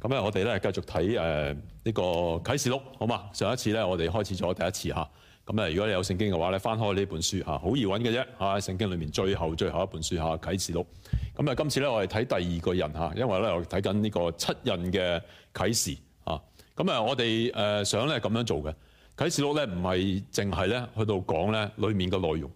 咁我哋咧繼續睇呢、呃這個啟示錄，好嘛？上一次咧，我哋開始咗第一次嚇。咁如果你有聖經嘅話咧，翻開呢本書嚇，好易揾嘅啫嚇。聖、啊、經裏面最後最後一本書嚇，啟示錄。咁啊，今次咧，我哋睇第二個印嚇，因為咧，我睇緊呢個七印嘅啟示。咁啊，我哋、呃、想咧咁樣做嘅啟示錄咧，唔係淨係咧去到講咧裏面嘅內容，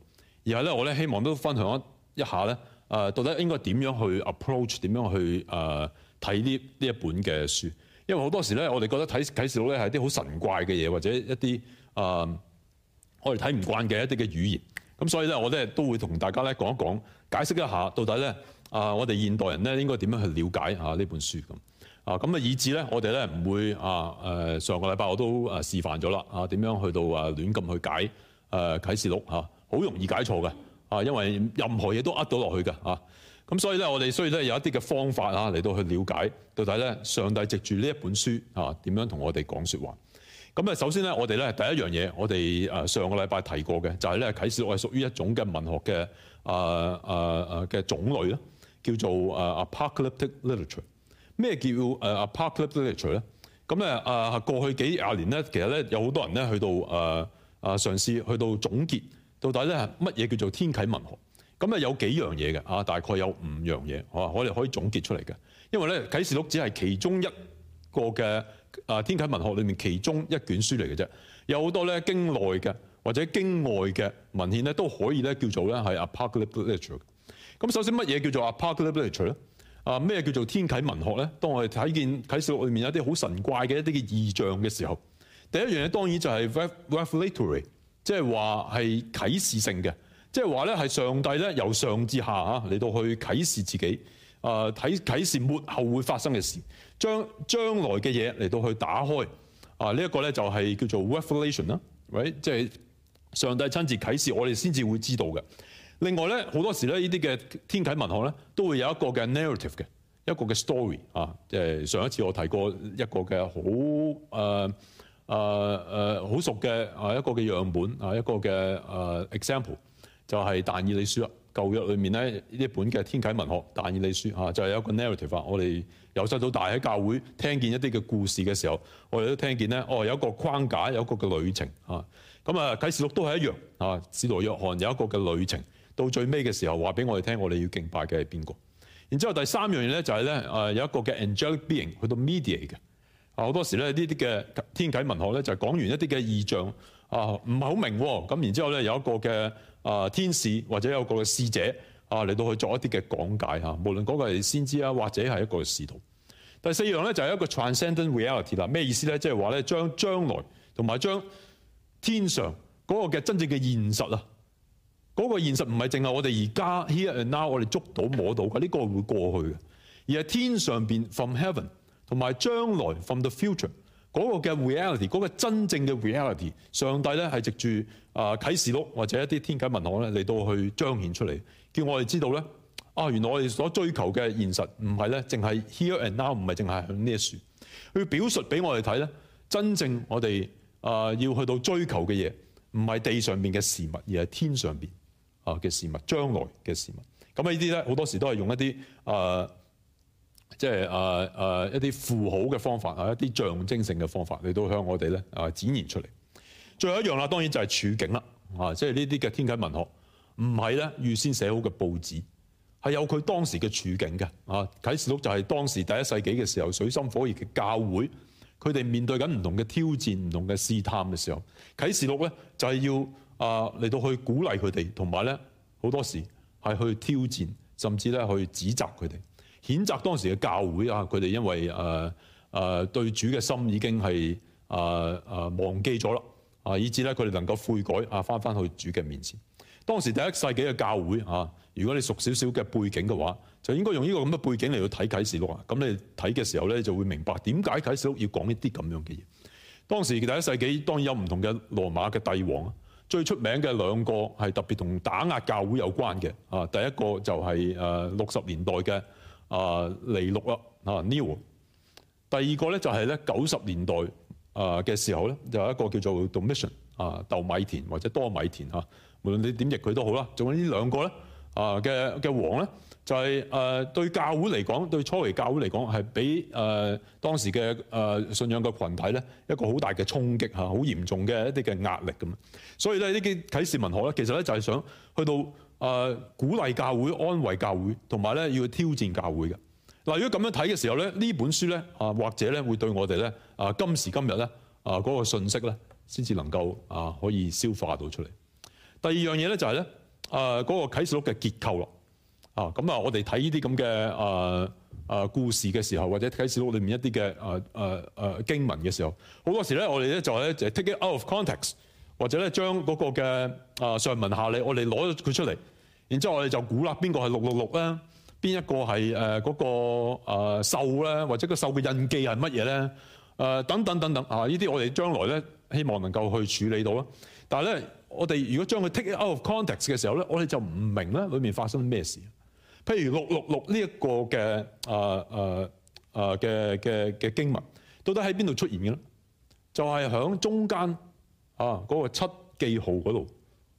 而係咧我咧希望都分享一一下咧、呃、到底應該點樣去 approach，點樣去、呃睇呢呢一本嘅書，因為好多時咧，我哋覺得睇啟示錄咧係啲好神怪嘅嘢，或者一啲啊、呃、我哋睇唔慣嘅一啲嘅語言，咁所以咧，我咧都會同大家咧講一講，解釋一下到底咧啊、呃，我哋現代人咧應該點樣去了解啊呢本書。咁啊，咁啊，以至咧我哋咧唔會啊誒、呃、上個禮拜我都誒示範咗啦啊點樣去到話、啊、亂咁去解誒啟、啊、示錄嚇，好、啊、容易解錯嘅啊，因為任何嘢都呃到落去嘅啊。咁所以咧，我哋需要咧有一啲嘅方法啊，嚟到去了解到底咧，上帝藉住呢一本書啊，點樣同我哋講說話，咁啊，首先咧，我哋咧第一樣嘢，我哋誒上個禮拜提過嘅，就係咧啟示錄係屬於一種嘅文學嘅誒誒誒嘅種類咯，叫做誒 apocalyptic literature。咩叫誒 apocalyptic literature 咧？咁咧誒過去幾廿年咧，其實咧有好多人咧去到誒誒、啊、嘗試去到總結到底咧係乜嘢叫做天啟文學。咁啊有幾樣嘢嘅啊，大概有五樣嘢，我我哋可以總結出嚟嘅。因為咧啟示錄只係其中一個嘅啊、呃、天啟文學裏面其中一卷書嚟嘅啫。有好多咧經內嘅或者經外嘅文獻咧都可以咧叫做咧係 apocalyptic literature。咁首先乜嘢叫做 apocalyptic literature 咧？啊咩叫做天啟文學咧？當我哋睇見啟示錄裏面有啲好神怪嘅一啲嘅異象嘅時候，第一樣嘢當然就係 revelatory，即係話係啟示性嘅。即係話咧，係上帝咧由上至下啊，嚟到去啟示自己啊，睇、呃、啟示末後會發生嘅事，將將來嘅嘢嚟到去打開啊，呢、這、一個咧就係叫做 revelation 啦、啊、right？即係上帝親自啟示，我哋先至會知道嘅。另外咧，好多時咧呢啲嘅天啟文學咧，都會有一個嘅 narrative 嘅一個嘅 story 啊。即係上一次我提過一個嘅好誒誒誒好熟嘅啊一個嘅樣本啊一個嘅誒、呃、example。就係、是《但以理書》舊約裏面咧呢一本嘅天啟文學，《但以理書》嚇就係、是、有一個 narrative 我哋由細到大喺教會聽見一啲嘅故事嘅時候，我哋都聽見咧，哦有一個框架，有一個嘅旅程啊！咁啊，《啟示錄》都係一樣啊，《使徒約翰》有一個嘅旅程，到最尾嘅時候話俾我哋聽，我哋要敬拜嘅係邊個？然之後第三樣嘢咧就係咧，誒有一個嘅 angelic being 去到 mediate 嘅啊！好多時咧呢啲嘅天啟文學咧就係、是、講完一啲嘅異象。啊，唔係好明咁、哦，然之後咧有一個嘅啊、呃、天使或者有一個使者啊嚟到去做一啲嘅講解嚇、啊，無論嗰個係先知啊，或者係一個使徒。第四樣咧就係、是、一個 transcendent reality 啦，咩意思咧？即係話咧將將來同埋將天上嗰、那個嘅真正嘅現實啊，嗰、那個現實唔係淨係我哋而家 here and now 我哋捉到摸到嘅，呢、這個會過去嘅，而係天上邊 from heaven 同埋將來 from the future。嗰個嘅 reality，嗰個真正嘅 reality，上帝咧係藉住啊啟示錄或者一啲天啟文學咧嚟到去彰顯出嚟，叫我哋知道咧，啊原來我哋所追求嘅現實唔係咧，淨係 here and now，唔係淨係響呢一樹，佢表述俾我哋睇咧，真正我哋要去到追求嘅嘢，唔係地上邊嘅事物，而係天上邊啊嘅事物，將來嘅事物。咁呢啲咧，好多時都係用一啲啊。即係誒誒一啲符號嘅方法，係、啊、一啲象徵性嘅方法嚟到向我哋咧啊展現出嚟。最後一樣啦，當然就係處境啦啊！即係呢啲嘅天啟文學唔係咧預先寫好嘅報紙，係有佢當時嘅處境嘅啊。啟示錄就係當時第一世紀嘅時候，水深火熱嘅教會，佢哋面對緊唔同嘅挑戰、唔同嘅試探嘅時候，啟示錄咧就係、是、要啊嚟到去鼓勵佢哋，同埋咧好多時係去挑戰，甚至咧去指責佢哋。譴責當時嘅教會啊！佢哋因為誒誒、呃呃、對主嘅心已經係誒誒忘記咗啦啊，以至咧佢哋能夠悔改啊，返返去主嘅面前。當時第一世紀嘅教會啊，如果你熟少少嘅背景嘅話，就應該用呢個咁嘅背景嚟到睇啟示錄。咁你睇嘅時候咧，你就會明白點解啟示錄要講一啲咁樣嘅嘢。當時第一世紀當然有唔同嘅羅馬嘅帝王，啊，最出名嘅兩個係特別同打壓教會有關嘅啊。第一個就係誒六十年代嘅。啊，尼祿啊，啊，new，第二個咧就係咧九十年代啊嘅時候咧，就有一個叫做 Domitian 啊，豆米田或者多米田嚇，無論你點譯佢都好啦。仲有呢兩個咧啊嘅嘅王咧，就係誒對教會嚟講，對初期教會嚟講，係俾誒當時嘅誒信仰嘅羣體，咧一個好大嘅衝擊嚇，好嚴重嘅一啲嘅壓力咁啊。所以咧呢啲啟示文學咧，其實咧就係想去到。誒、呃、鼓勵教會、安慰教會，同埋咧要挑戰教會嘅嗱、呃。如果咁樣睇嘅時候咧，呢本書咧啊，或者咧會對我哋咧啊今時今日咧啊嗰個信息咧，先至能夠啊、呃、可以消化到出嚟。第二樣嘢咧就係咧啊嗰個啟示錄嘅結構咯啊。咁啊，我哋睇呢啲咁嘅啊啊故事嘅時候，或者啟示錄裏面一啲嘅啊啊啊經文嘅時候，好多時咧我哋咧就咧、是、就 take it out of context。或者咧將嗰個嘅啊上文下理，我哋攞咗佢出嚟，然之後我哋就估啦，邊個係六六六咧？邊一個係誒嗰個啊獸咧？或者個獸嘅印記係乜嘢咧？誒等等等等啊！呢啲我哋將來咧，希望能夠去處理到啦。但係咧，我哋如果將佢 take out of context 嘅時候咧，我哋就唔明咧裏面發生咩事。譬如六六六呢一個嘅啊啊啊嘅嘅嘅經文，到底喺邊度出現嘅咧？就係響中間。啊！嗰、那個七記號嗰度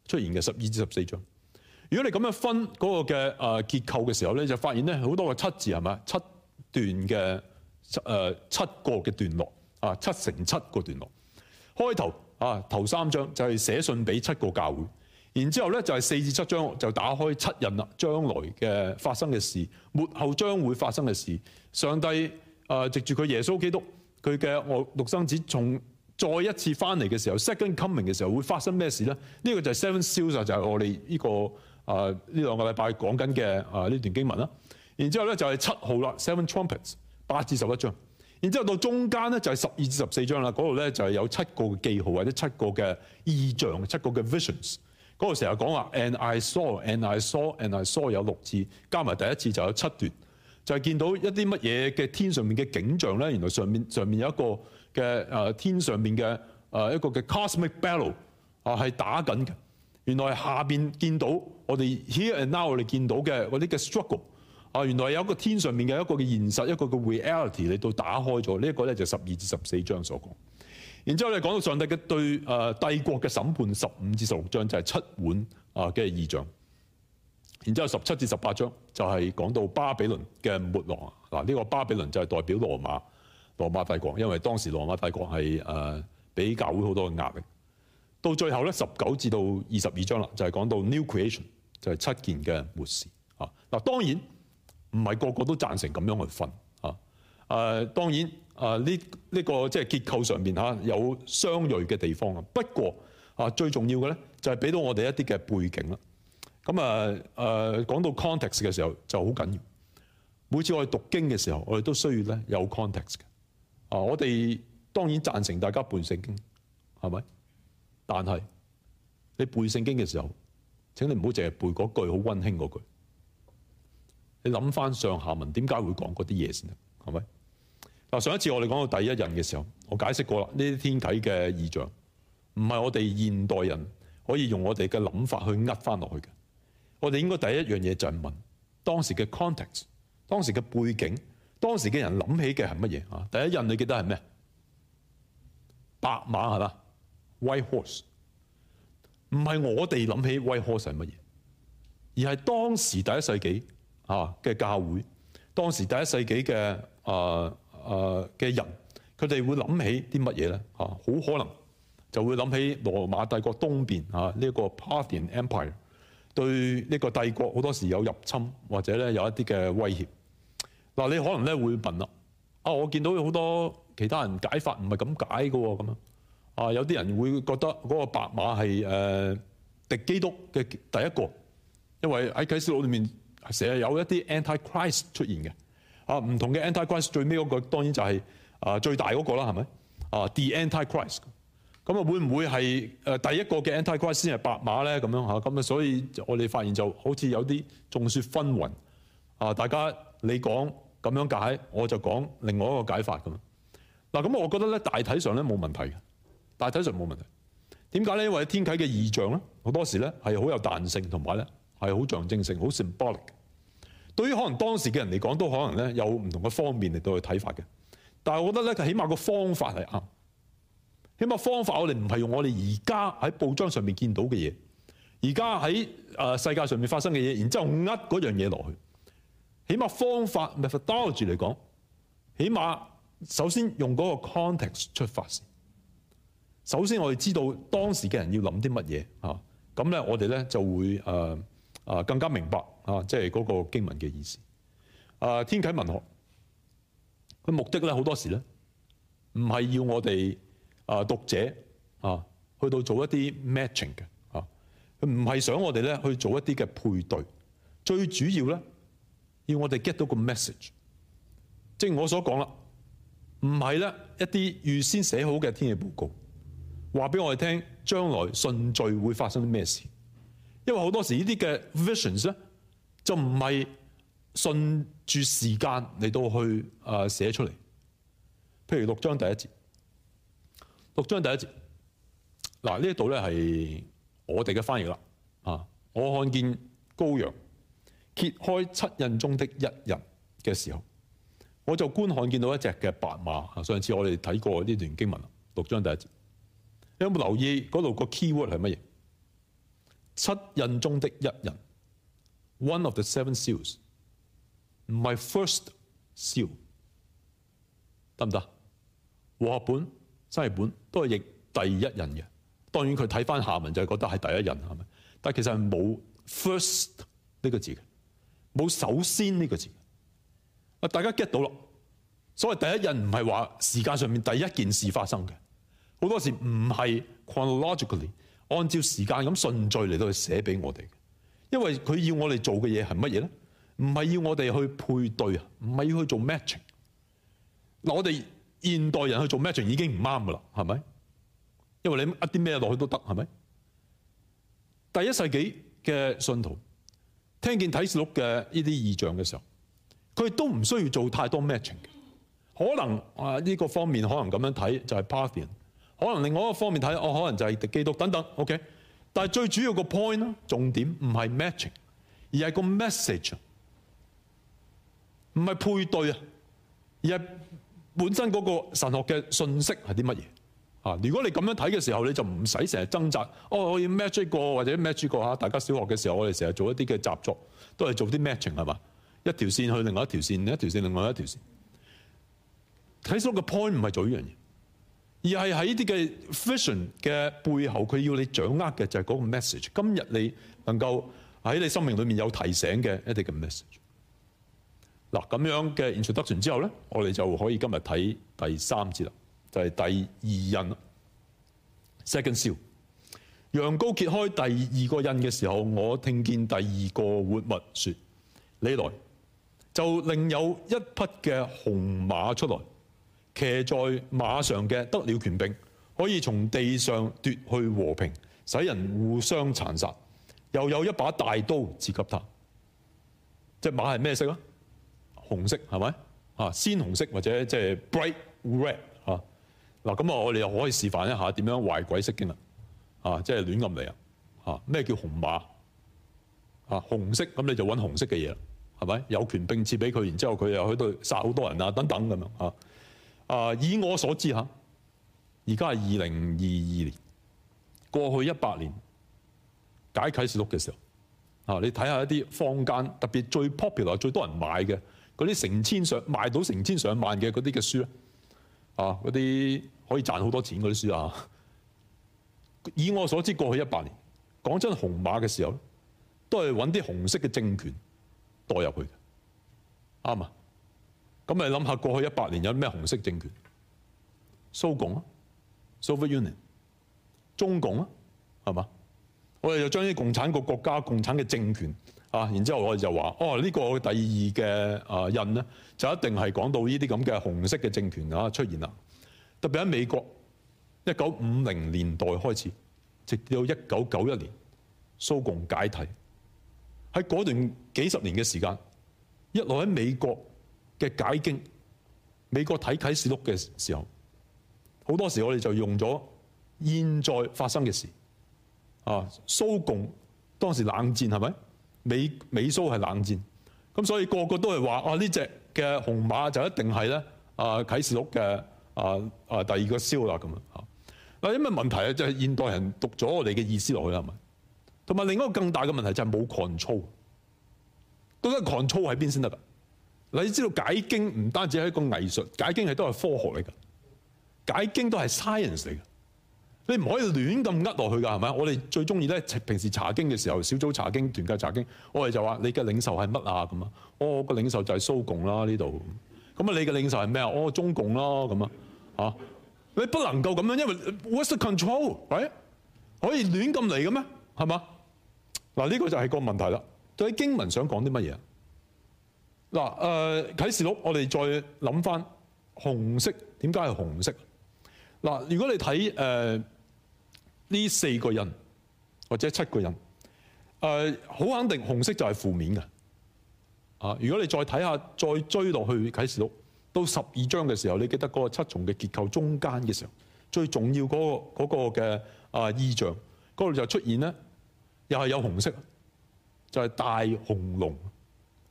出現嘅十二至十四章，如果你咁樣分嗰個嘅誒結構嘅時候咧，就發現咧好多個七字係咪七段嘅誒七、呃、七個嘅段落啊，七乘七個段落。開頭啊頭三章就係寫信俾七個教會，然之後咧就係、是、四至七章就打開七印啦，將來嘅發生嘅事，末後將會發生嘅事，上帝誒、啊、藉住佢耶穌基督佢嘅愛獨生子從。再一次翻嚟嘅時候，second coming 嘅時候會發生咩事咧？呢、這個就係 seven seals 就係我哋呢、這個呢兩、呃、個禮拜講緊嘅呢段經文啦。然之後咧就係、是、七號啦，seven trumpets 八至十一章，然之後到中間咧就係十二至十四章啦。嗰度咧就係、是、有七個嘅記號或者七個嘅異象，七個嘅 visions。嗰度成日講話，and I saw，and I saw，and I saw 有六次，加埋第一次就有七段，就係、是、見到一啲乜嘢嘅天上面嘅景象咧。原來上面上面有一個。嘅誒天上面嘅誒一個嘅 cosmic battle 啊，係打緊嘅。原來下邊見到我哋 here and now 我哋見到嘅嗰啲嘅 struggle 啊，原來有一個天上面嘅一個嘅現實，一個嘅 reality 嚟到打開咗。呢一個咧就十二至十四章所講。然之後咧講到上帝嘅對誒帝國嘅審判，十五至十六章就係七碗啊嘅異象。然之後十七至十八章就係講到巴比倫嘅沒落。嗱，呢個巴比倫就係代表羅馬。羅馬帝國，因為當時羅馬帝國係誒俾教會好多嘅壓力。到最後咧十九至到二十二章啦，就係、是、講到 New Creation，就係七件嘅末事嚇。嗱、啊、當然唔係個個都贊成咁樣去分。嚇、啊、誒、啊，當然誒呢呢個即係、這個就是、結構上面嚇、啊、有商榷嘅地方啊。不過啊，最重要嘅咧就係俾到我哋一啲嘅背景啦。咁啊誒、啊、講到 context 嘅時候就好緊要。每次我哋讀經嘅時候，我哋都需要咧有 context 嘅。啊！我哋當然贊成大家背聖經，係咪？但係你背聖經嘅時候，請你唔好淨係背嗰句好溫馨嗰句。你諗翻上下文為什麼，點解會講嗰啲嘢先啦？係咪？嗱，上一次我哋講到第一印嘅時候，我解釋過啦，呢啲天體嘅異象唔係我哋現代人可以用我哋嘅諗法去呃翻落去嘅。我哋應該第一樣嘢就係問當時嘅 context，當時嘅背景。當時嘅人諗起嘅係乜嘢啊？第一印你記得係咩？白馬係嘛？White horse？唔係我哋諗起 white horse 係乜嘢，而係當時第一世紀啊嘅教會，當時第一世紀嘅啊啊嘅人，佢哋會諗起啲乜嘢咧？啊，好可能就會諗起羅馬帝國東邊啊呢個 Parthian Empire 對呢個帝國好多時有入侵或者咧有一啲嘅威脅。嗱，你可能咧會問啦，啊，我見到有好多其他人解法唔係咁解嘅喎，咁啊，啊有啲人會覺得嗰個白馬係誒敵基督嘅第一個，因為喺啟示錄裏面成日有一啲 antichrist 出現嘅，啊唔同嘅 antichrist 最尾嗰個當然就係、是、啊最大嗰個啦，係咪、uh, 啊 the antichrist？咁啊會唔會係誒第一個嘅 antichrist 先係白馬咧？咁樣嚇，咁啊所以我哋發現就好似有啲眾說紛紜。啊大家你講。咁樣解，我就講另外一個解法咁。嗱，咁我覺得咧，大體上咧冇問題嘅，大體上冇問題。點解咧？因為天啟嘅異象咧，好多時咧係好有彈性，同埋咧係好象徵性、好 symbolic。對於可能當時嘅人嚟講，都可能咧有唔同嘅方面嚟到去睇法嘅。但係我覺得咧，起碼個方法係啱。起碼方法我哋唔係用我哋而家喺報章上面見到嘅嘢，而家喺世界上面發生嘅嘢，然之後呃嗰樣嘢落去。起碼方法 methodology 嚟講，起碼首先用嗰個 context 出發先。首先我哋知道當時嘅人要諗啲乜嘢啊，咁咧我哋咧就會誒啊更加明白啊，即係嗰個經文嘅意思啊。天啟文學佢目的咧好多時咧唔係要我哋啊讀者啊去到做一啲 matching 嘅啊，佢唔係想我哋咧去做一啲嘅配對，最主要咧。要我哋 get 到個 message，正如我所講啦，唔係咧一啲預先寫好嘅天氣報告，話俾我哋聽將來順序會發生啲咩事，因為好多時呢啲嘅 visions 咧就唔係順住時間嚟到去啊寫出嚟。譬如六章第一節，六章第一節，嗱呢一度咧係我哋嘅翻譯啦，我看見羔羊揭開七印中的一人嘅時候，我就觀看見到一隻嘅白馬。上次我哋睇過呢段經文六章第一節，你有冇留意嗰度個 keyword 係乜嘢？七印中的一人，one of the seven seals，唔係 first seal，得唔得？和合本、新譯本都係譯第一人嘅，當然佢睇翻下文就係覺得係第一人係咪？但係其實係冇 first 呢個字嘅。冇首先呢個字，啊大家 get 到咯？所謂第一印，唔係話時間上面第一件事發生嘅，好多時唔係 chronologically 按照時間咁順序嚟到去寫俾我哋嘅，因為佢要我哋做嘅嘢係乜嘢咧？唔係要我哋去配對啊，唔係要去做 matching。嗱，我哋現代人去做 matching 已經唔啱噶啦，係咪？因為你一啲咩落去都得，係咪？第一世紀嘅信徒。聽見啟示錄嘅呢啲意象嘅時候，佢都唔需要做太多 matching 嘅。可能啊呢、這個方面可能咁樣睇就係、是、party，可能另外一個方面睇我可能就係基督等等。OK，但係最主要個 point 重點唔係 matching，而係個 message，唔係配對啊，而係本身嗰個神學嘅信息係啲乜嘢。啊！如果你咁樣睇嘅時候，你就唔使成日掙扎。哦，我要 magic 過，或者 magic 過個吓，大家小學嘅時候我哋成日做一啲嘅習作，都係做啲 matching 係嘛？一條線去另外一條線，一條線另外一條線。睇書嘅 point 唔係做呢樣嘢，而係喺啲嘅 vision 嘅背後，佢要你掌握嘅就係嗰個 message。今日你能夠喺你生命裏面有提醒嘅一啲嘅 message。嗱，咁樣嘅 introduction 之後咧，我哋就可以今日睇第三節啦。就係、是、第二印 Second seal，羊羔揭開第二個印嘅時候，我聽見第二個活物説：你來，就另有一匹嘅紅馬出來，騎在馬上嘅得了權柄，可以從地上奪去和平，使人互相殘殺。又有一把大刀賜給他。隻馬係咩色啊？紅色係咪啊？鮮紅色或者即係 bright red。嗱咁啊，我哋又可以示範一下點樣壞鬼釋經啦！啊，即係亂噏嚟啊！嚇咩叫紅馬？嚇、啊、紅色咁你就揾紅色嘅嘢，係咪有權柄賜俾佢？然之後佢又喺度殺好多人啊，等等咁樣嚇。啊，以我所知嚇，而家係二零二二年，過去一百年解啟示錄嘅時候，嚇、啊、你睇下一啲坊間特別最 popular 最多人買嘅嗰啲成千上賣到成千上萬嘅嗰啲嘅書咧，啊嗰啲。可以賺好多錢嗰啲書啊！以我所知，過去一百年講真的，紅馬嘅時候都係揾啲紅色嘅政權代入去嘅，啱啊。咁你諗下過去一百年有咩紅色政權？蘇共啊，Soviet Union，中共啊，係嘛？我哋就將啲共產嘅國家、共產嘅政權啊，然之後我哋就話哦，呢個第二嘅啊印咧就一定係講到呢啲咁嘅紅色嘅政權啊出現啦。特別喺美國，一九五零年代開始，直到一九九一年蘇共解體，喺嗰段幾十年嘅時間，一路喺美國嘅解經。美國睇啟示錄嘅時候，好多時我哋就用咗現在發生嘅事啊。蘇共當時冷戰係咪美美蘇係冷戰。咁所以個個都係話啊，呢隻嘅紅馬就一定係咧啊啟示錄嘅。啊啊！第二個燒啦咁樣嚇！嗱、啊，有咩問題啊？就係、是、現代人讀咗我哋嘅意思落去係咪？同埋另一個更大嘅問題就係冇 control，到底 control 喺邊先得㗎？嗱，你知道解經唔單止係一個藝術，解經係都係科學嚟㗎，解經都係 science 嚟㗎。你唔可以亂咁呃落去㗎係咪？我哋最中意咧，平時查經嘅時候，小組查經、團契查經，我哋就話你嘅領袖係乜啊咁啊？我個領袖就係蘇共啦呢度，咁啊你嘅領袖係咩啊？我、哦、中共啦咁啊。啊！你不能夠咁樣，因為 what's the control？喂、right?，可以亂咁嚟嘅咩？係嘛？嗱、啊，呢、這個就係個問題啦。咁喺經文想講啲乜嘢？嗱、啊，誒啟示錄我哋再諗翻紅色，點解係紅色？嗱、啊，如果你睇誒呢四個人或者七個人，誒、啊、好肯定紅色就係負面嘅。啊，如果你再睇下，再追落去啟示錄。到十二章嘅時候，你記得嗰個七重嘅結構中間嘅時候，最重要嗰個、嗰個嘅、嗰個、啊意象，嗰度就出現咧，又係有紅色，就係、係、大紅龍，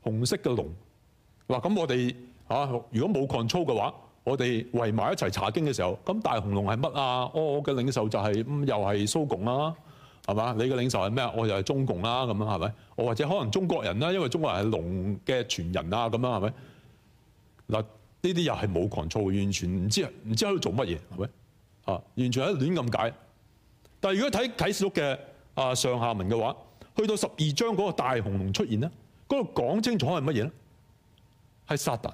紅色嘅龍。嗱、啊，咁我哋啊，如果冇 control 嘅話，我哋圍埋一齊查經嘅時候，咁大紅龍係乜啊？我嘅領袖就係、係嗯，又係蘇共啦、啊，係嘛？你嘅領袖係咩啊？我又係中共啦，咁樣係咪？我或者可能中國人啦，因為中國人係龍嘅傳人係啊，咁樣係咪？嗱。呢啲又係冇狂躁，完全唔知唔知喺度做乜嘢，係咪啊？完全喺度亂咁解。但係如果睇啟示錄嘅啊上下文嘅話，去到十二章嗰個大紅龍出現咧，嗰度講清楚係乜嘢咧？係撒旦，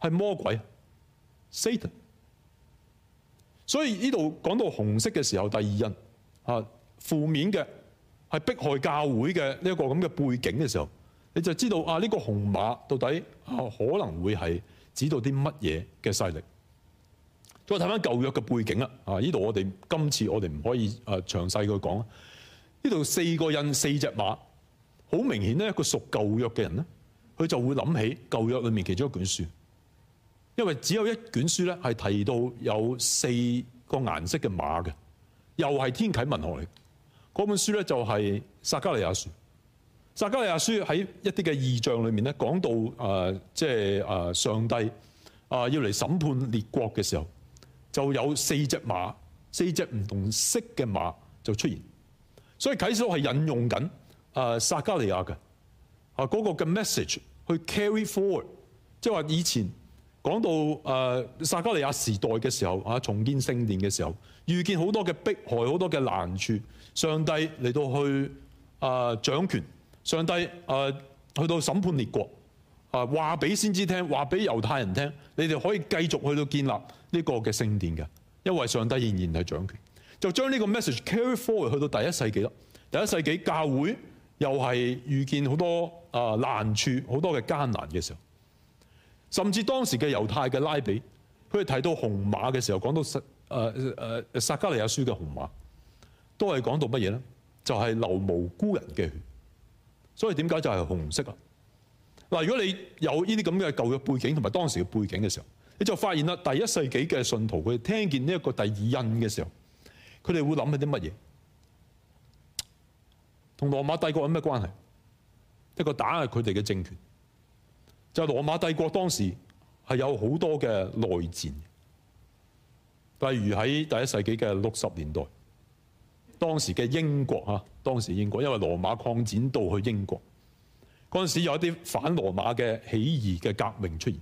係魔鬼，Satan。所以呢度講到紅色嘅時候，第二印啊負面嘅係迫害教會嘅呢一個咁嘅背景嘅時候，你就知道啊呢個紅馬到底。可能會係指到啲乜嘢嘅勢力？再睇翻舊約嘅背景啦，啊，呢度我哋今次我哋唔可以啊詳細去講啦。呢度四個印，四隻馬，好明顯呢，一個屬舊約嘅人咧，佢就會諗起舊約裏面其中一卷書，因為只有一卷書咧係提到有四個顏色嘅馬嘅，又係天啟文學嚟。嗰本書咧就係撒迦利亞書。撒加利亞書喺一啲嘅異象裏面咧，講到即係、呃即係、上帝啊要嚟審判列國嘅時候，就有四隻馬，四隻唔同色嘅馬就出現。所以啟書係引用緊啊撒加利亞嘅啊嗰個嘅 message 去 carry forward，即係話以前講到啊、呃、撒加利亞時代嘅時候啊重建聖殿嘅時候，遇見好多嘅迫害，好多嘅難處，上帝嚟到去、呃、掌權。上帝、呃、去到審判列國啊，話、呃、俾先知聽，話俾猶太人聽，你哋可以繼續去到建立呢個嘅聖殿嘅，因為上帝仍然係掌權。就將呢個 message carry forward 去到第一世紀咯。第一世紀教會又係遇見好多啊、呃、難處，好多嘅艱難嘅時候，甚至當時嘅猶太嘅拉比，佢哋提到紅馬嘅時候，講到、呃啊、撒誒誒撒迦利亞書嘅紅馬，都係講到乜嘢咧？就係、是、流無辜人嘅血。所以點解就係紅色啊？嗱，如果你有呢啲咁嘅舊嘅背景同埋當時嘅背景嘅時候，你就發現啦，第一世紀嘅信徒佢哋聽見呢一個第二印嘅時候，佢哋會諗起啲乜嘢？同羅馬帝國有咩關係？一個打壓佢哋嘅政權，就係羅馬帝國當時係有好多嘅內戰，例如喺第一世紀嘅六十年代，當時嘅英國嚇。當時英國因為羅馬擴展到去英國，嗰陣時有一啲反羅馬嘅起義嘅革命出現，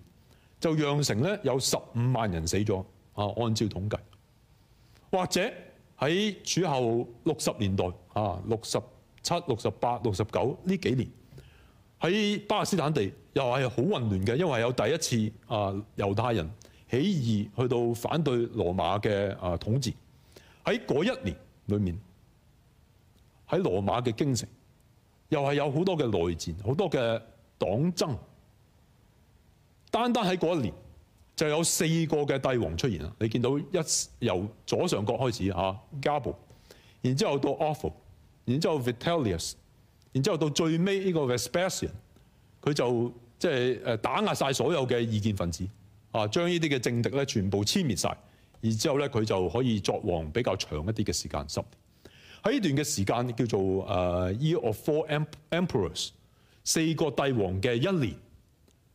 就讓成咧有十五萬人死咗啊！按照統計，或者喺主後六十年代啊，六十七、六十八、六十九呢幾年，喺巴勒斯坦地又係好混亂嘅，因為有第一次啊猶太人起義去到反對羅馬嘅啊統治，喺嗰一年裏面。喺羅馬嘅京城又係有好多嘅內戰，好多嘅黨爭，單單喺嗰一年就有四個嘅帝王出現啦，你見到一由左上角開始吓 Galba、啊、然之後到 Otho 然之後 Vitellius 然之後到最尾呢、這個 Vespasian 佢，就即係誒打壓晒所有嘅意見分子啊，將呢啲嘅政敵咧全部殲滅晒，然之後咧佢就可以作王比較長一啲嘅時間，十年。喺呢段嘅時間叫做、uh, Year of Four Emperors，四個帝王嘅一年，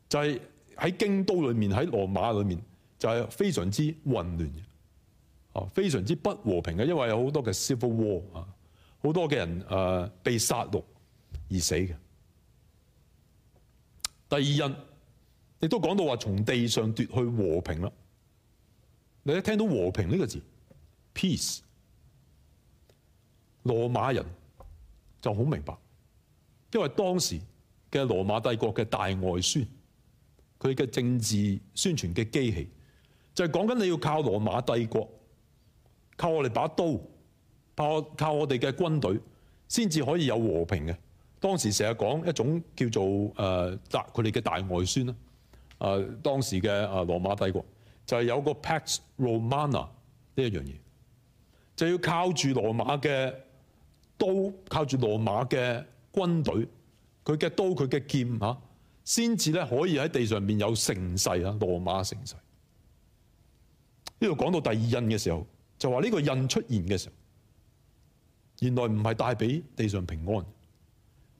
就係、是、喺京都裏面、喺羅馬裏面就係、是、非常之混亂，啊，非常之不和平嘅，因為有好多嘅 civil war 啊，好多嘅人被殺戮而死嘅。第二印，亦都講到話從地上奪去和平啦。你一聽到和平呢個字，peace。羅馬人就好明白，因為當時嘅羅馬帝國嘅大外宣，佢嘅政治宣傳嘅機器，就係講緊你要靠羅馬帝國，靠我哋把刀，靠靠我哋嘅軍隊，先至可以有和平嘅。當時成日講一種叫做誒，佢哋嘅大外宣啦，誒、呃、當時嘅誒、呃、羅馬帝國就係、是、有個 Pax Romana 呢一樣嘢，就要靠住羅馬嘅刀靠住羅馬嘅軍隊，佢嘅刀，佢嘅劍吓，先至咧可以喺地上面有盛世啊！羅馬盛世。呢度講到第二印嘅時候，就話呢個印出現嘅時候，原來唔係帶俾地上平安，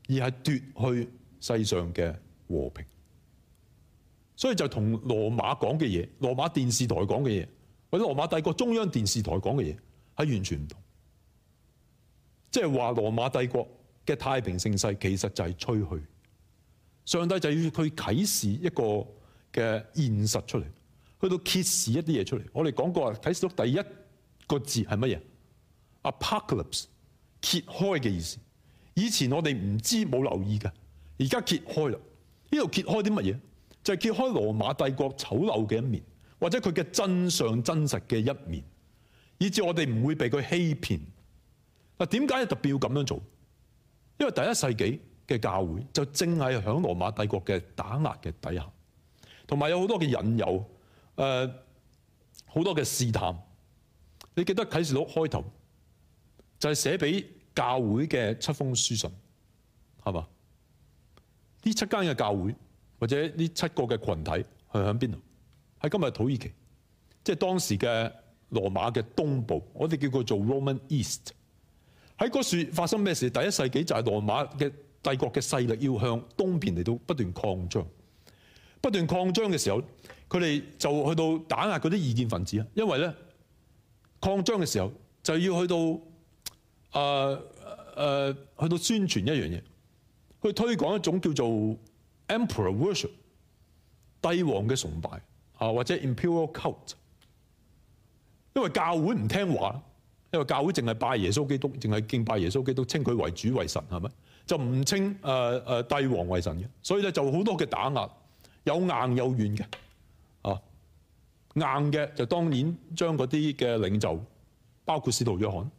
而係奪去世上嘅和平。所以就同羅馬講嘅嘢，羅馬電視台講嘅嘢，或者羅馬帝國中央電視台講嘅嘢，係完全唔同。即係話羅馬帝國嘅太平盛世，其實就係吹噓。上帝就要佢啟示一個嘅現實出嚟，去到揭示一啲嘢出嚟。我哋講過，啟示錄第一個字係乜嘢？apocalypse，揭開嘅意思。以前我哋唔知冇留意噶而家揭開啦。呢度揭開啲乜嘢？就係、是、揭開羅馬帝國醜陋嘅一面，或者佢嘅真相真實嘅一面，以致我哋唔會被佢欺騙。嗱，點解特別要咁樣做？因為第一世紀嘅教會就正係喺羅馬帝國嘅打壓嘅底下，同埋有好多嘅引誘，誒、呃、好多嘅試探。你記得啟示錄開頭就係寫俾教會嘅七封書信，係嘛？呢七間嘅教會或者呢七個嘅群體係喺邊度，佢喺邊度？喺今日土耳其，即係當時嘅羅馬嘅東部，我哋叫佢做 Roman East。喺嗰時發生咩事？第一世紀就係羅馬嘅帝國嘅勢力要向東邊嚟到不斷擴張，不斷擴張嘅時候，佢哋就去到打壓嗰啲異見分子啊！因為咧擴張嘅時候就要去到、呃呃、去到宣傳一樣嘢，去推廣一種叫做 emperor worship 帝王嘅崇拜啊，或者 imperial cult，因為教會唔聽話。因為教會淨係拜耶穌基督，淨係敬拜耶穌基督，稱佢為主為神，係咪？就唔稱誒誒帝王為神嘅，所以咧就好多嘅打壓，有硬有軟嘅。啊，硬嘅就當年將嗰啲嘅領袖，包括使徒約翰，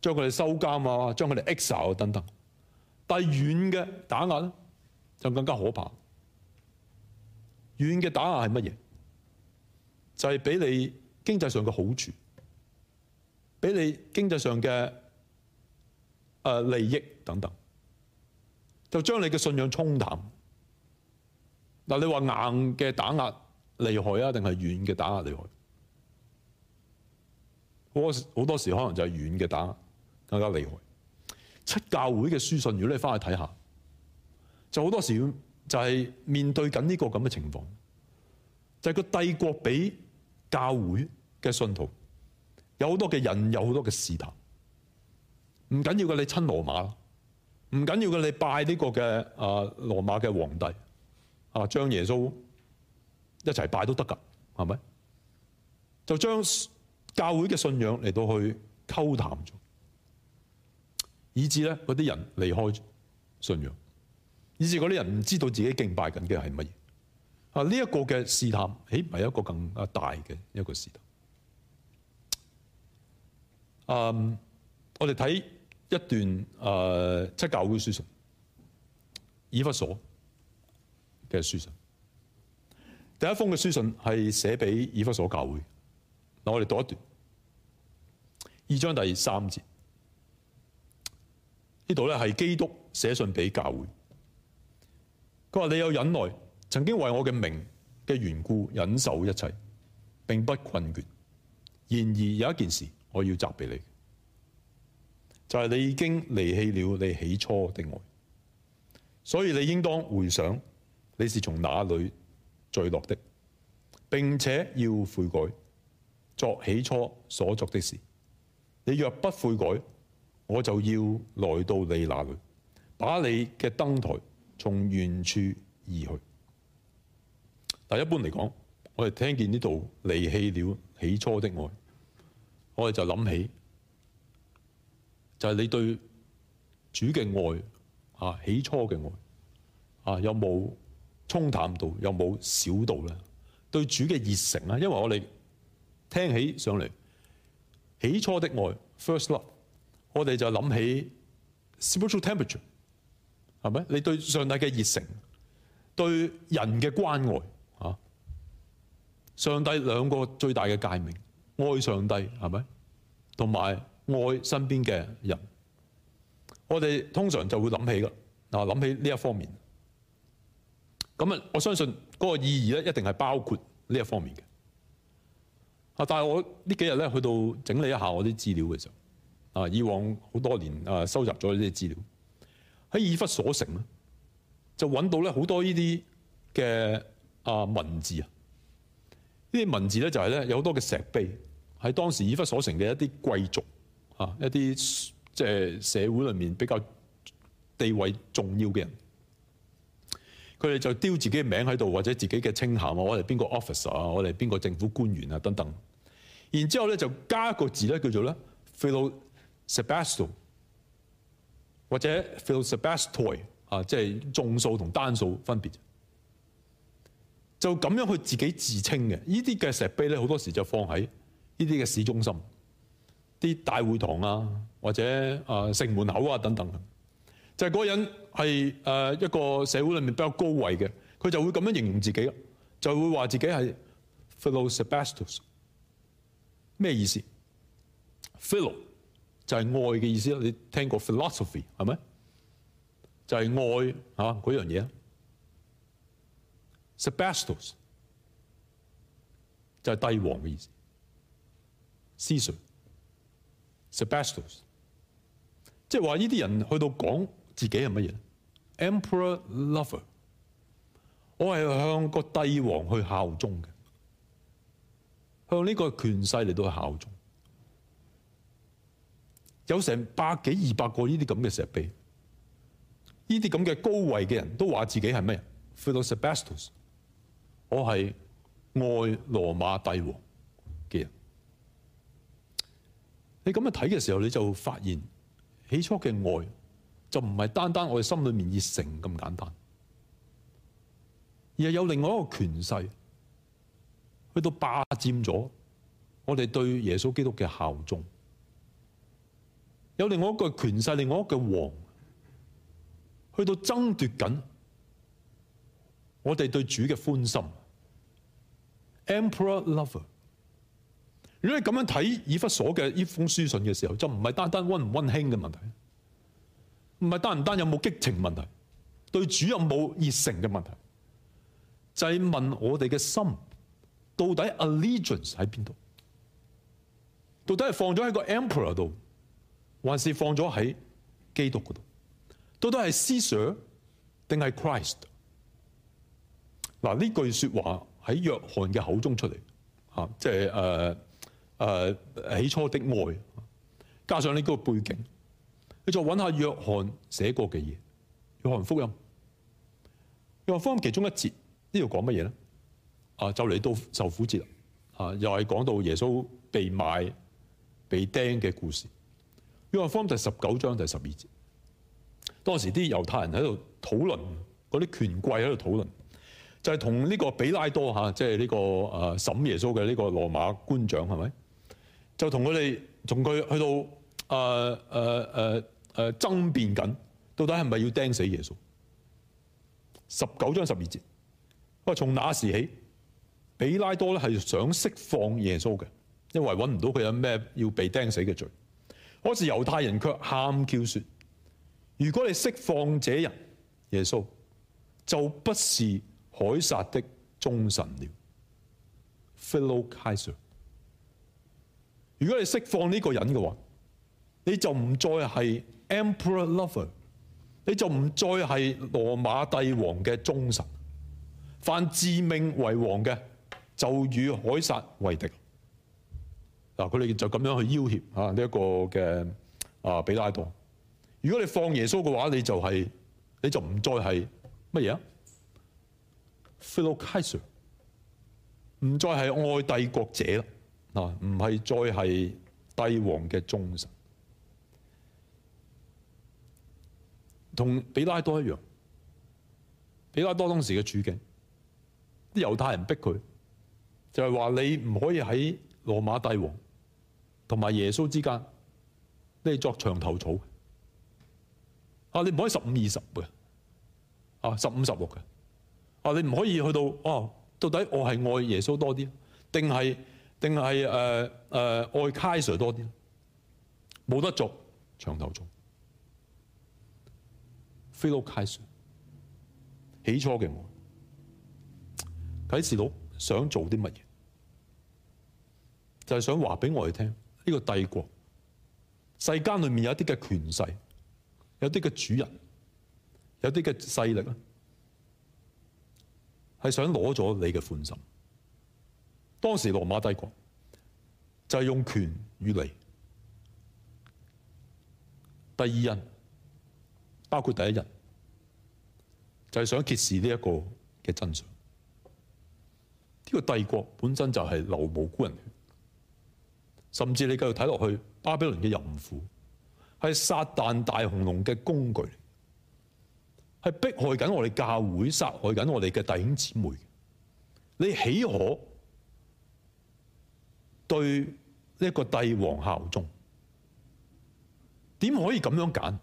將佢哋收監啊，將佢哋 exile 等等。但係軟嘅打壓呢就更加可怕。軟嘅打壓係乜嘢？就係俾你經濟上嘅好處。俾你經濟上嘅誒利益等等，就將你嘅信仰沖淡。嗱，你話硬嘅打壓厲害啊，定係軟嘅打壓厲害？好多好多時可能就係軟嘅打壓更加厲害。七教會嘅書信，如果你翻去睇下，就好多時就係面對緊呢個咁嘅情況，就係、是、個帝國俾教會嘅信徒。有好多嘅人，有好多嘅試探，唔緊要嘅，你親羅馬，唔緊要嘅，你拜呢個嘅啊羅馬嘅皇帝，啊將耶穌一齊拜都得㗎，係咪？就將教會嘅信仰嚟到去溝淡咗，以致咧嗰啲人離開信仰，以至嗰啲人唔知道自己敬拜緊嘅係乜嘢啊？呢一個嘅試探，豈唔係一個更加大嘅一個試探？嗯、um，我哋睇一段誒、uh, 七教會書信，以弗所嘅書信第一封嘅書信係寫俾以弗所教會。嗱，我哋讀一段二章第三節呢度咧，係基督寫信俾教會。佢話：你有忍耐，曾經為我嘅名嘅緣故忍受一切，並不困倦。然而有一件事。我要責備你，就係、是、你已經離棄了你起初的愛，所以你應當回想你是從哪裏墜落的，並且要悔改作起初所作的事。你若不悔改，我就要來到你那裏，把你嘅燈台從遠處移去。但一般嚟講，我哋聽見呢度離棄了起初的愛。我哋就諗起，就係你對主嘅愛啊，起初嘅愛啊，有冇沖淡到？有冇少到咧？對主嘅熱誠咧？因為我哋聽起上嚟起初的愛 （first love），我哋就諗起 spiritual temperature，係咪？你對上帝嘅熱誠，對人嘅關愛啊，上帝兩個最大嘅誡命。愛上帝係咪？同埋愛身邊嘅人，我哋通常就會諗起啦。嗱，諗起呢一方面，咁啊，我相信嗰個意義咧，一定係包括呢一方面嘅。啊，但係我呢幾日咧去到整理一下我啲資料嘅時候，啊，以往好多年啊收集咗呢啲資料喺以弗所城，咧，就揾到咧好多呢啲嘅啊文字啊。呢啲文字咧就係咧有好多嘅石碑，喺當時以弗所成嘅一啲貴族啊，一啲即係社會裏面比較地位重要嘅人，佢哋就丟自己嘅名喺度，或者自己嘅稱銜啊，我哋邊個 officer 啊，我哋邊個政府官員啊等等，然之後咧就加一個字咧叫做咧 Philosebastos 或者 Philosebastoi 啊，即係眾數同單數分別。就咁樣去自己自稱嘅，呢啲嘅石碑咧，好多時就放喺呢啲嘅市中心、啲大會堂啊，或者、呃、城門口啊等等。就係、是、嗰個人係、呃、一個社會裏面比較高位嘅，佢就會咁樣形容自己咯，就會話自己係 Philosebastos。咩意思？Phil 就係愛嘅意思，你聽過 philosophy 係咪？就係、是、愛啊嗰樣嘢。Sebastos，就係帝王嘅意思。Caesar，Sebastos，即係話呢啲人去到講自己係乜嘢？Emperor lover，我係向個帝王去效忠嘅，向呢個權勢嚟到去效忠。有成百幾二百個呢啲咁嘅石碑，呢啲咁嘅高位嘅人都話自己係咩？去到 Sebastos。我係愛羅馬帝王嘅人，你咁樣睇嘅時候，你就發現起初嘅愛就唔係單單我哋心裏面熱誠咁簡單，而係有另外一個權勢去到霸佔咗我哋對耶穌基督嘅效忠，有另外一個權勢，另外一個王去到爭奪緊我哋對主嘅歡心。Emperor lover，如果你咁樣睇以弗所嘅呢封書信嘅時候，就唔係單單溫唔溫馨嘅問題，唔係單唔單有冇激情問題，對主有冇熱誠嘅問題，就係、是、問我哋嘅心到底 allegiance 喺邊度，到底係放咗喺個 emperor 度，還是放咗喺基督嗰度，到底係 Caesar 定係 Christ？嗱，呢句說話。喺約翰嘅口中出嚟，吓，即係誒誒起初的愛，加上呢個背景，你再搵下約翰寫過嘅嘢，約翰福音，約翰福音其中一節，這講什麼，呢度講乜嘢咧？啊，就嚟到受苦節啦，啊，又係講到耶穌被賣、被釘嘅故事。約翰福音第十九章第十二節，當時啲猶太人喺度討論，嗰啲權貴喺度討論。就係同呢個比拉多嚇，即係呢個啊審耶穌嘅呢個羅馬官長係咪？就同佢哋同佢去到啊啊啊啊爭辯緊，到底係咪要釘死耶穌？十九章十二節，不過從那時起，比拉多咧係想釋放耶穌嘅，因為揾唔到佢有咩要被釘死嘅罪。可是猶太人卻喊叫説：如果你釋放這人耶穌，就不是凱撒的忠臣了 Philo Kaiser。如果你釋放呢個人嘅話，你就唔再係 Emperor Lover，你就唔再係羅馬帝王嘅忠臣。凡自命為王嘅，就與凱撒為敵。嗱、啊，佢哋就咁樣去要挾啊呢一、這個嘅啊比拉多。如果你放耶穌嘅話，你就係、是，你就唔再係乜嘢？p 腓力凱撒唔再係愛帝國者啦，啊，唔係再係帝王嘅忠臣，同比拉多一樣。比拉多當時嘅處境，啲猶太人逼佢，就係話你唔可以喺羅馬帝王同埋耶穌之間，你作長頭草，啊，你唔可以十五二十嘅，啊，十五十六嘅。啊！你唔可以去到哦？到底我係愛耶穌多啲，定係定係誒誒愛凱撒多啲？冇得做，長頭做。腓力凱撒起初嘅我，啟示錄想做啲乜嘢？就係、是、想話俾我哋聽，呢、這個帝國世間裏面有啲嘅權勢，有啲嘅主人，有啲嘅勢力咧。係想攞咗你嘅歡心。當時羅馬帝國就係用權與利，第二印包括第一印，就係想揭示呢一個嘅真相。呢個帝國本身就係流無辜人血，甚至你繼續睇落去，巴比倫嘅淫婦係撒旦大紅龍嘅工具。係迫害緊我哋教會，殺害緊我哋嘅弟兄姊妹。你豈可對呢一個帝王效忠？點可以咁樣揀？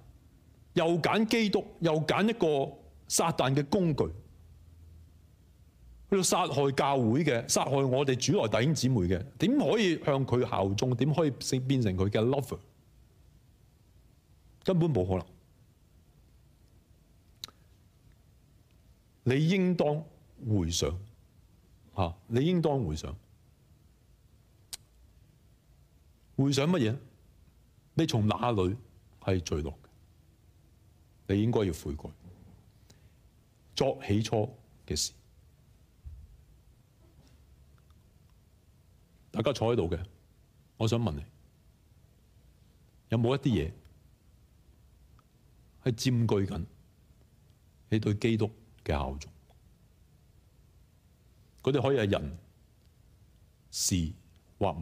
又揀基督，又揀一個撒旦嘅工具，去到殺害教會嘅，殺害我哋主內弟兄姊妹嘅？點可以向佢效忠？點可以成變成佢嘅 lover？根本冇可能。你應當回想嚇，啊，你應當回想回想乜嘢？你從哪裏係墜落嘅？你應該要悔改作起初嘅事。大家坐喺度嘅，我想問你，有冇一啲嘢係佔據緊你對基督嘅效忠，佢哋可以係人、事或物，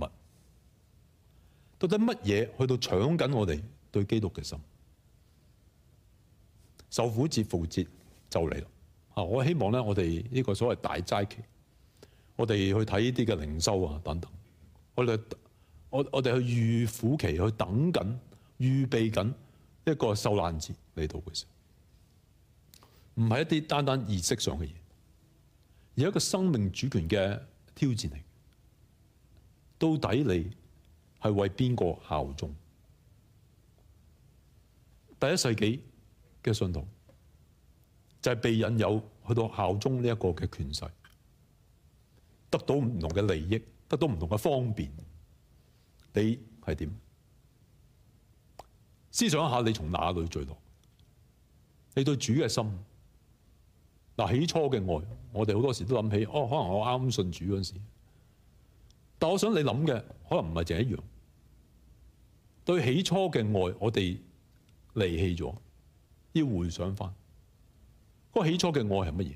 到底乜嘢去到搶緊我哋對基督嘅心？受苦節、復活節就嚟啦！啊，我希望咧，我哋呢個所謂大齋期，我哋去睇呢啲嘅靈修啊等等，我哋我我哋去預苦期去等緊、預備緊一個受難節嚟到嘅時候。唔係一啲單單意識上嘅嘢，而係一個生命主權嘅挑戰嚟。到底你係為邊個效忠？第一世紀嘅信徒就係、是、被引誘去到效忠呢一個嘅權勢，得到唔同嘅利益，得到唔同嘅方便。你係點？思想一下，你從哪裏墜落？你對主嘅心。嗱起初嘅愛，我哋好多時都諗起，哦，可能我啱啱信主嗰時。但我想你諗嘅，可能唔係淨係一樣。對起初嘅愛，我哋離棄咗，要回想翻嗰起初嘅愛係乜嘢？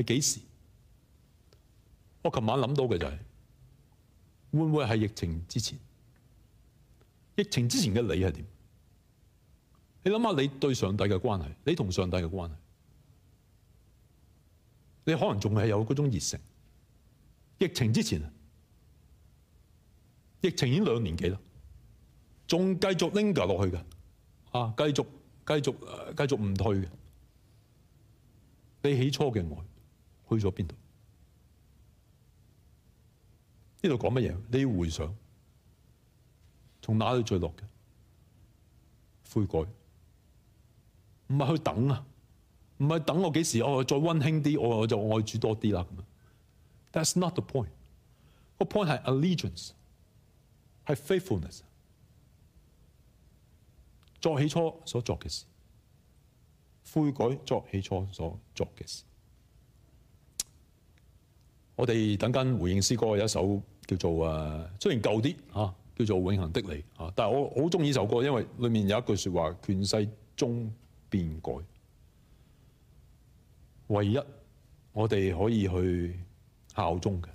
係幾時？我琴晚諗到嘅就係會唔會係疫情之前？疫情之前嘅你係點？你諗下你對上帝嘅關係，你同上帝嘅關係。你可能仲係有嗰種熱誠，疫情之前，疫情已經兩年幾啦，仲繼續 linger 落去嘅，啊，繼續繼續、呃、繼續唔退嘅，你起初嘅愛去咗邊度？呢度講乜嘢？你要回想，從哪裏墜落嘅，悔改！唔係去等啊！唔係等我幾時，我、哦、再溫馨啲，我就愛主多啲啦。That's not the point。個 point 係 allegiance，係 faithfulness。作起初所作嘅事，悔改作起初所作嘅事。我哋等緊回應詩歌有一首叫做誒，雖然舊啲吓，叫做《永恒的你》，但係我好中意首歌，因為裏面有一句說話：權勢終變改。唯一我哋可以去效忠嘅，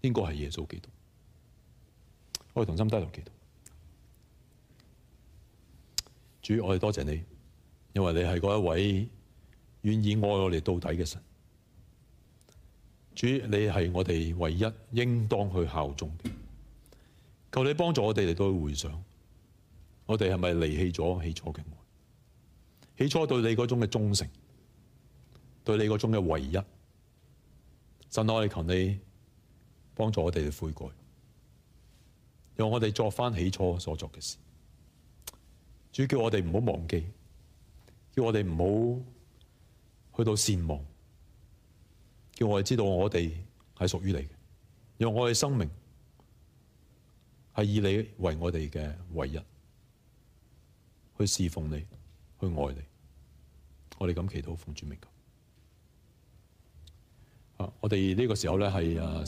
應該係耶穌基督。我哋同心低頭祈禱。主，我哋多謝你，因為你係嗰一位願意愛我哋到底嘅神。主，你係我哋唯一應當去效忠嘅。求你幫助我哋嚟到回想，我哋係咪離棄咗起初嘅愛，起初對你嗰種嘅忠誠？對你個種嘅唯一，神，我哋求你幫助我哋悔改，讓我哋作翻起初所作嘅事。主叫我哋唔好忘記，叫我哋唔好去到善忘，叫我哋知道我哋係屬於你嘅。讓我哋生命係以你為我哋嘅唯一，去侍奉你，去愛你。我哋咁祈禱奉主名我哋呢個時候咧係。誒。